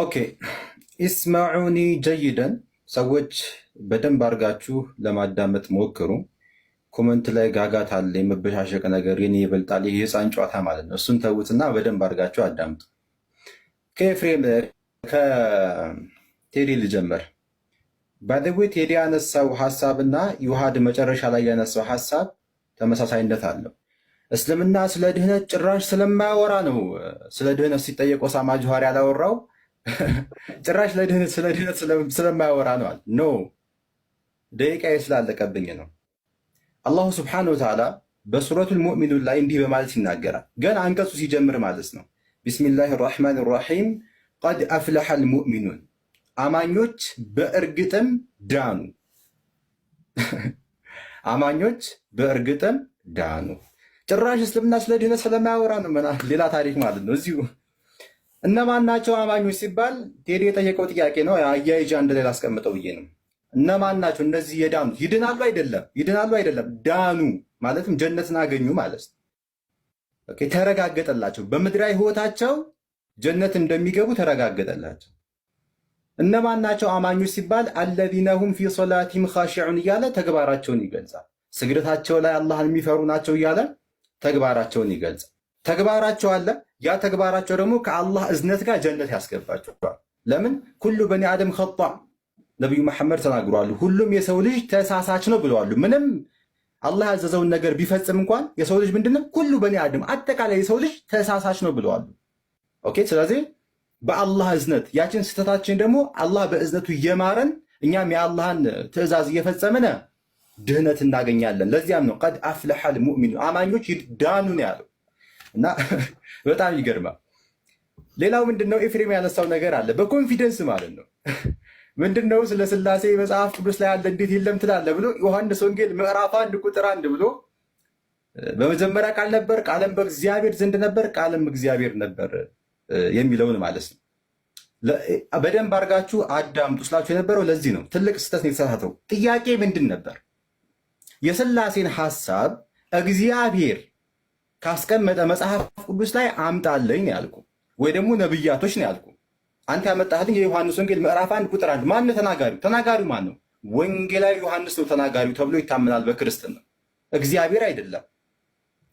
ኦኬ ኢስማዑኒ ጀይደን ሰዎች በደንብ አድርጋችሁ ለማዳመጥ ሞክሩ። ኮመንት ላይ ጋጋት አለ፣ የመበሻሸቅ ነገር የኔ ይበልጣል፣ ይህ የህፃን ጨዋታ ማለት ነው። እሱን ተዉትና በደንብ አድርጋችሁ አዳምጡ። ከኤፍሬም ከቴዲ ልጀምር። ባደዌ ቴዲ ያነሳው ሀሳብ እና መጨረሻ ላይ ያነሳው ሀሳብ ተመሳሳይነት አለው። እስልምና ስለ ድህነት ጭራሽ ስለማያወራ ነው። ስለ ድህነት ሲጠየቅ ኦሳማ ጁሃሪ ያላወራው ጭራሽ ለድህነት ስለ ድህነት ስለማያወራ ነዋል። ኖ ደቂቃዬ ስላለቀብኝ ነው። አላሁ ስብሓነሁ ወተዓላ በሱረቱል ሙእሚኑን ላይ እንዲህ በማለት ይናገራል። ገና አንቀጹ ሲጀምር ማለት ነው። ቢስሚላህ ራሕማን ራሒም ቀድ አፍለሐል ሙእሚኑን፣ አማኞች በእርግጥም ዳኑ። አማኞች በእርግጥም ዳኑ። ጭራሽ እስልምና ስለ ድህነት ስለማያወራ ነው። ሌላ ታሪክ ማለት ነው እዚሁ እነማን ናቸው አማኞች ሲባል ቴዲ የጠየቀው ጥያቄ ነው። አያይጃ አንድ ላይ ላስቀምጠው ብዬ ነው። እነማን ናቸው እነዚህ የዳኑ? ይድናሉ አይደለም፣ ይድናሉ አይደለም፣ ዳኑ ማለትም ጀነትን አገኙ ማለት ነው። ተረጋገጠላቸው። በምድራዊ ህይወታቸው ጀነት እንደሚገቡ ተረጋገጠላቸው። እነማን ናቸው አማኞች ሲባል አለዚነሁም ፊ ሶላቲም ኻሺዑን እያለ ተግባራቸውን ይገልጻል። ስግደታቸው ላይ አላህን የሚፈሩ ናቸው እያለ ተግባራቸውን ይገልጻል። ተግባራቸው አለ ያ ተግባራቸው ደግሞ ከአላህ እዝነት ጋር ጀነት ያስገባቸዋል። ለምን ኩሉ በኒ አደም ከጣ ነቢዩ መሐመድ ተናግሯሉ። ሁሉም የሰው ልጅ ተሳሳች ነው ብለዋሉ። ምንም አላህ ያዘዘውን ነገር ቢፈጽም እንኳን የሰው ልጅ ምንድነው? ኩሉ በኒ አደም አጠቃላይ የሰው ልጅ ተሳሳች ነው ብለዋሉ። ኦኬ። ስለዚህ በአላህ እዝነት ያችን ስህተታችን ደግሞ አላህ በእዝነቱ እየማረን እኛም የአላህን ትእዛዝ እየፈጸምን ድህነት እናገኛለን። ለዚያም ነው ቀድ አፍለሐል ሙእሚኑ አማኞች ዳኑን ነው ያለው። እና በጣም ይገርማል። ሌላው ምንድነው ኤፍሬም ያነሳው ነገር አለ በኮንፊደንስ ማለት ነው ምንድነው ስለ ስላሴ መጽሐፍ ቅዱስ ላይ አለ እንዴት የለም ትላለ ብሎ ዮሐንስ ወንጌል ምዕራፍ አንድ ቁጥር አንድ ብሎ በመጀመሪያ ቃል ነበር ቃልም በእግዚአብሔር ዘንድ ነበር ቃልም እግዚአብሔር ነበር የሚለውን ማለት ነው በደንብ አድርጋችሁ አዳምጡ ስላችሁ የነበረው ለዚህ ነው ትልቅ ስህተት ነው የተሳሳተው ጥያቄ ምንድን ነበር የስላሴን ሀሳብ እግዚአብሔር ካስቀመጠ መጽሐፍ ቅዱስ ላይ አምጣለኝ ያልኩ ወይ ደግሞ ነብያቶች ነው ያልኩ። አንተ ያመጣህልኝ የዮሐንስ ወንጌል ምዕራፍ አንድ ቁጥር አንድ ማን ተናጋሪው? ተናጋሪው ማን ነው? ወንጌላዊ ዮሐንስ ነው ተናጋሪው ተብሎ ይታመናል በክርስትና እግዚአብሔር አይደለም።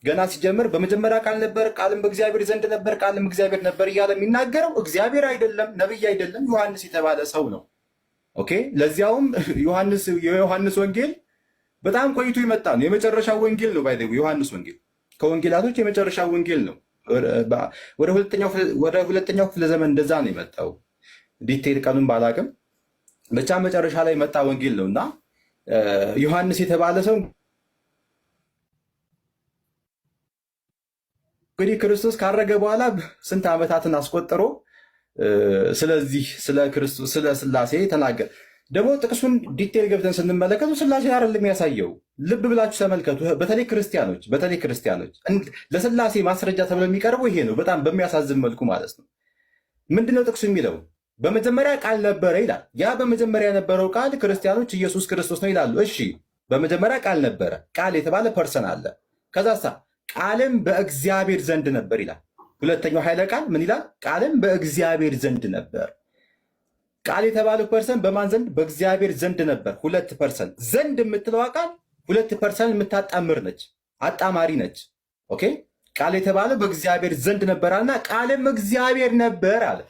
ገና ሲጀምር በመጀመሪያ ቃል ነበር፣ ቃልም በእግዚአብሔር ዘንድ ነበር፣ ቃልም እግዚአብሔር ነበር እያለ የሚናገረው እግዚአብሔር አይደለም፣ ነብይ አይደለም፣ ዮሐንስ የተባለ ሰው ነው። ኦኬ። ለዚያውም ዮሐንስ የዮሐንስ ወንጌል በጣም ቆይቶ ይመጣ ነው። የመጨረሻው ወንጌል ነው ባይ ዮሐንስ ወንጌል ከወንጌላቶች የመጨረሻ ወንጌል ነው። ወደ ሁለተኛው ክፍለ ዘመን እንደዛ ነው የመጣው። ዲቴል ቀኑን ባላቅም ብቻ መጨረሻ ላይ የመጣ ወንጌል ነው እና ዮሐንስ የተባለ ሰው እንግዲህ ክርስቶስ ካረገ በኋላ ስንት ዓመታትን አስቆጥሮ ስለዚህ ስለ ክርስቶስ ስለ ተናገር ደግሞ ጥቅሱን ዲቴል ገብተን ስንመለከቱ ስላሴ አይደለም ያሳየው። ልብ ብላችሁ ተመልከቱ። በተለይ ክርስቲያኖች በተለይ ክርስቲያኖች ለስላሴ ማስረጃ ተብሎ የሚቀርበው ይሄ ነው፣ በጣም በሚያሳዝን መልኩ ማለት ነው። ምንድነው ጥቅሱ የሚለው? በመጀመሪያ ቃል ነበረ ይላል። ያ በመጀመሪያ የነበረው ቃል ክርስቲያኖች ኢየሱስ ክርስቶስ ነው ይላሉ። እሺ፣ በመጀመሪያ ቃል ነበረ። ቃል የተባለ ፐርሰን አለ። ከዛሳ ቃልም በእግዚአብሔር ዘንድ ነበር ይላል። ሁለተኛው ኃይለ ቃል ምን ይላል? ቃልም በእግዚአብሔር ዘንድ ነበር ቃል የተባለው ፐርሰን በማን ዘንድ? በእግዚአብሔር ዘንድ ነበር። ሁለት ፐርሰን ዘንድ የምትለዋ ቃል ሁለት ፐርሰን የምታጣምር ነች፣ አጣማሪ ነች። ኦኬ ቃል የተባለው በእግዚአብሔር ዘንድ ነበር አለና ቃልም እግዚአብሔር ነበር አለ።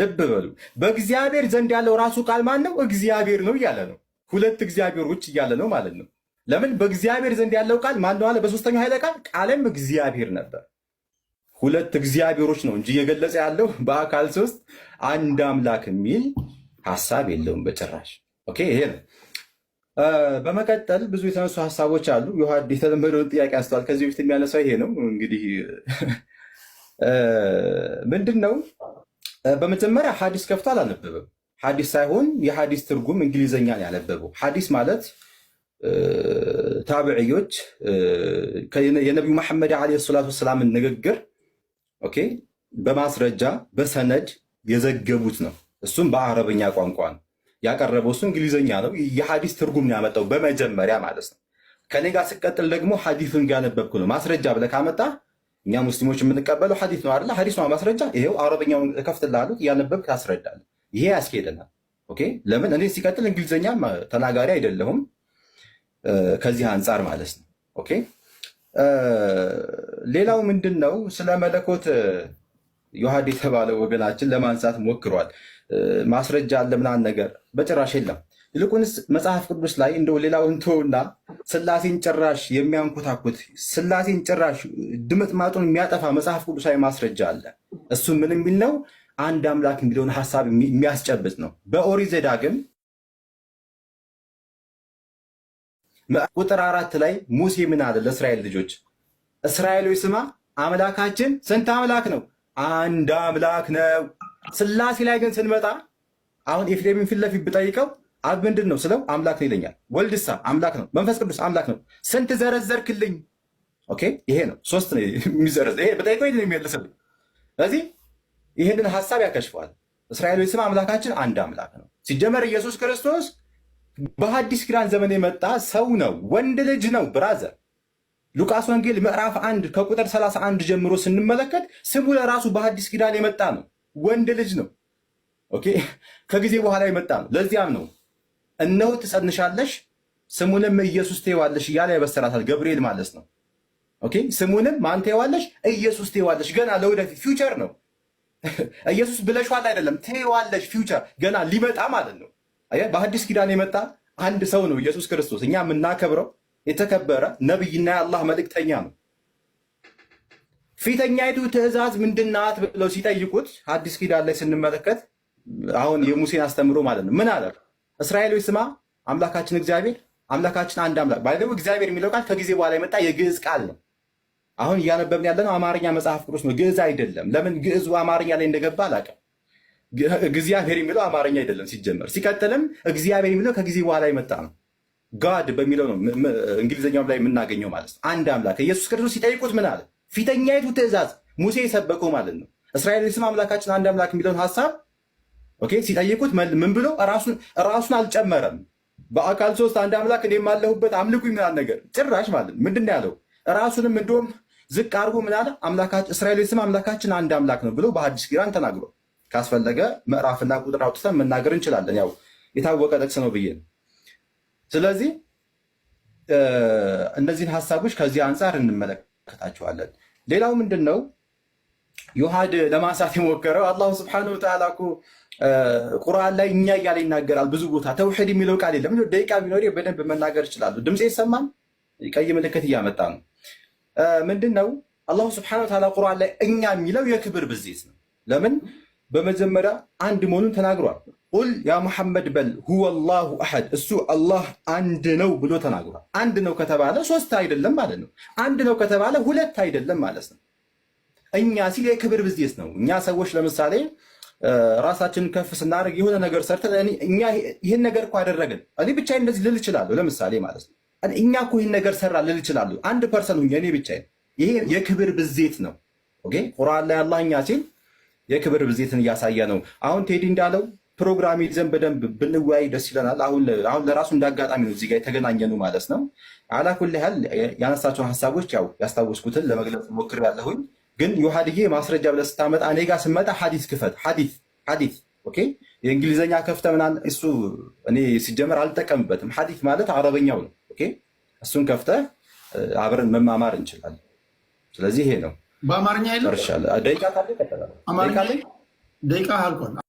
ልብ በሉ፣ በእግዚአብሔር ዘንድ ያለው ራሱ ቃል ማን ነው? እግዚአብሔር ነው እያለ ነው። ሁለት እግዚአብሔሮች እያለ ነው ማለት ነው። ለምን በእግዚአብሔር ዘንድ ያለው ቃል ማን ነው አለ? በሶስተኛው ኃይለ ቃል ቃልም እግዚአብሔር ነበር። ሁለት እግዚአብሔሮች ነው እንጂ እየገለጸ ያለው በአካል ሶስት አንድ አምላክ የሚል ሀሳብ የለውም በጭራሽ። ኦኬ ይሄ ነው። በመቀጠል ብዙ የተነሱ ሀሳቦች አሉ። ዮሐድ የተለመደውን ጥያቄ አንስተዋል። ከዚህ በፊት የሚያነሳው ይሄ ነው። እንግዲህ ምንድን ነው በመጀመሪያ ሀዲስ ከፍቶ አላነበበም። ሀዲስ ሳይሆን የሀዲስ ትርጉም እንግሊዘኛ ነው ያነበበው። ሀዲስ ማለት ታብዕዮች የነቢዩ መሐመድ ዓለይሂ ሰላቱ ወሰላምን ንግግር ኦኬ በማስረጃ በሰነድ የዘገቡት ነው። እሱም በአረብኛ ቋንቋ ነው ያቀረበው። እሱ እንግሊዝኛ ነው። የሀዲስ ትርጉም ያመጣው በመጀመሪያ ማለት ነው። ከኔ ጋር ስቀጥል ደግሞ ሀዲሱን ያነበብኩ ነው ማስረጃ ብለህ ካመጣ እኛ ሙስሊሞች የምንቀበለው ሀዲስ ነው አይደለ? ሐዲስ ነው ማስረጃ። ይሄው አረብኛውን እከፍትልሃለሁ፣ እያነበብክ ታስረዳለህ። ይሄ ያስኬደናል። ኦኬ። ለምን እኔ ሲቀጥል እንግሊዝኛ ተናጋሪ አይደለሁም፣ ከዚህ አንጻር ማለት ነው። ኦኬ። ሌላው ምንድን ነው ስለ መለኮት ዮሐድ የተባለ ወገናችን ለማንሳት ሞክሯል። ማስረጃ አለ ምናምን ነገር በጭራሽ የለም። ይልቁንስ መጽሐፍ ቅዱስ ላይ እንደው ሌላውን ተውና ስላሴን ጭራሽ የሚያንኮታኩት ስላሴን ጭራሽ ማጡን የሚያጠፋ መጽሐፍ ቅዱሳዊ ማስረጃ አለ። እሱ ምን የሚል ነው? አንድ አምላክ የሚለውን ሀሳብ የሚያስጨብጥ ነው። በኦሪት ዘዳግም ቁጥር አራት ላይ ሙሴ ምን አለ? ለእስራኤል ልጆች እስራኤሎች ስማ፣ አምላካችን ስንት አምላክ ነው? አንድ አምላክ ነው ስላሴ ላይ ግን ስንመጣ አሁን ኤፍሬምን ፊት ለፊት ብጠይቀው አብ ምንድን ነው ስለው አምላክ ነው ይለኛል። ወልድሳ አምላክ ነው፣ መንፈስ ቅዱስ አምላክ ነው። ስንት ዘረዘርክልኝ? ኦኬ ይሄ ነው ሶስት ነው የሚዘረዘር። ይሄ ብጠይቀው የሚመልስልኝ። ስለዚህ ይህንን ሀሳብ ያከሽፈዋል። እስራኤሎች ስም አምላካችን አንድ አምላክ ነው። ሲጀመር ኢየሱስ ክርስቶስ በሐዲስ ኪዳን ዘመን የመጣ ሰው ነው፣ ወንድ ልጅ ነው። ብራዘር ሉቃስ ወንጌል ምዕራፍ አንድ ከቁጥር 31 ጀምሮ ስንመለከት ስሙ ለራሱ በሐዲስ ኪዳን የመጣ ነው። ወንድ ልጅ ነው። ኦኬ ከጊዜ በኋላ የመጣ ነው። ለዚያም ነው እነሆ ትጸንሻለሽ ስሙንም ኢየሱስ ትይዋለሽ እያለ ያበሰራታል ገብርኤል ማለት ነው። ኦኬ ስሙንም ማን ትይዋለሽ? ኢየሱስ ትይዋለሽ። ገና ለወደፊት ፊውቸር ነው። ኢየሱስ ብለሽዋል አይደለም፣ ትይዋለሽ። ፊውቸር ገና ሊመጣ ማለት ነው። በአዲስ ኪዳን የመጣ አንድ ሰው ነው ኢየሱስ ክርስቶስ። እኛ የምናከብረው የተከበረ ነቢይና የአላህ መልእክተኛ ነው። ፊተኛይቱ ትእዛዝ ምንድናት ብለው ሲጠይቁት አዲስ ኪዳን ላይ ስንመለከት አሁን የሙሴን አስተምሮ ማለት ነው። ምን አለ? እስራኤሎች ስማ አምላካችን እግዚአብሔር አምላካችን አንድ አምላክ ባይ እግዚአብሔር የሚለው ቃል ከጊዜ በኋላ የመጣ የግዕዝ ቃል ነው። አሁን እያነበብን ያለነው አማርኛ መጽሐፍ ቅዱስ ነው፣ ግዕዝ አይደለም። ለምን ግዕዙ አማርኛ ላይ እንደገባ አላውቅም። እግዚአብሔር የሚለው አማርኛ አይደለም ሲጀመር። ሲቀጥልም እግዚአብሔር የሚለው ከጊዜ በኋላ የመጣ ነው። ጋድ በሚለው ነው እንግሊዝኛውም ላይ የምናገኘው ማለት ነው። አንድ አምላክ ኢየሱስ ክርስቶስ ሲጠይቁት ምን አለ? ፊተኛይቱ ትእዛዝ ሙሴ የሰበከው ማለት ነው። እስራኤል ስም አምላካችን አንድ አምላክ የሚለውን ሀሳብ ኦኬ ሲጠይቁት ምን ብሎ ራሱን አልጨመረም። በአካል ሶስት አንድ አምላክ እኔ የማለሁበት አምልኩ ይምናል ነገር ጭራሽ ማለት ምንድን ነው ያለው? ራሱንም እንዲሁም ዝቅ አድርጎ ምናለ እስራኤል ስም አምላካችን አንድ አምላክ ነው ብሎ በሐዲስ ኪዳን ተናግሮ ካስፈለገ ምዕራፍና ቁጥር አውጥተን መናገር እንችላለን። ያው የታወቀ ጥቅስ ነው ብዬ ስለዚህ እነዚህን ሀሳቦች ከዚህ አንጻር እንመለከት። እንመለከታቸዋለን። ሌላው ምንድን ነው ዮሐድ ለማንሳት የሞከረው አላሁ ስብሐነሁ ወተዓላ እኮ ቁርአን ላይ እኛ እያለ ይናገራል። ብዙ ቦታ ተውሒድ የሚለው ቃል የለም። ደቂቃ ቢኖር በደንብ መናገር ይችላሉ። ድምፅ ይሰማል። ቀይ ምልክት እያመጣ ነው። ምንድን ነው አላሁ ስብሐነሁ ወተዓላ ቁርአን ላይ እኛ የሚለው የክብር ብዜት ነው። ለምን በመጀመሪያ አንድ መሆኑን ተናግሯል። ቁል ያ መሐመድ በል ሁወ ላሁ አሐድ፣ እሱ አላህ አንድ ነው ብሎ ተናግሯል። አንድ ነው ከተባለ ሶስት አይደለም ማለት ነው። አንድ ነው ከተባለ ሁለት አይደለም ማለት ነው። እኛ ሲል የክብር ብዜት ነው። እኛ ሰዎች ለምሳሌ ራሳችንን ከፍ ስናደርግ የሆነ ነገር ሰርተን እኛ ይህን ነገር እኮ አደረግን፣ እኔ ብቻ እንደዚህ ልል እችላለሁ። ለምሳሌ ማለት ነው እኛ እኮ ይህን ነገር ሰራ ልል እችላለሁ። አንድ ፐርሰን ሁኜ እኔ ብቻ። ይሄ የክብር ብዜት ነው። ቁርአን ላይ አላህ እኛ ሲል የክብር ብዜትን እያሳየ ነው። አሁን ቴዲ እንዳለው ፕሮግራም ይዘን በደንብ ብንወያይ ደስ ይለናል። አሁን ለራሱ እንዳጋጣሚ ነው እዚህ ጋ የተገናኘ ነው ማለት ነው። አላኩል ያህል ያነሳቸውን ሀሳቦች ያው ያስታወስኩትን ለመግለጽ ሞክር ያለሁኝ። ግን ዮሐድዬ ማስረጃ ብለህ ስታመጣ እኔ ጋር ስመጣ ሀዲት ክፈት ሀዲት ሀዲት ኦኬ የእንግሊዝኛ ከፍተ ምናምን እሱ እኔ ሲጀመር አልጠቀምበትም። ሀዲት ማለት አረበኛው ነው። ኦኬ እሱን ከፍተ አብረን መማማር እንችላለን። ስለዚህ ይሄ ነው። በአማርኛ የለም። ደቂቃ ካለ ደቂቃ አልኳል።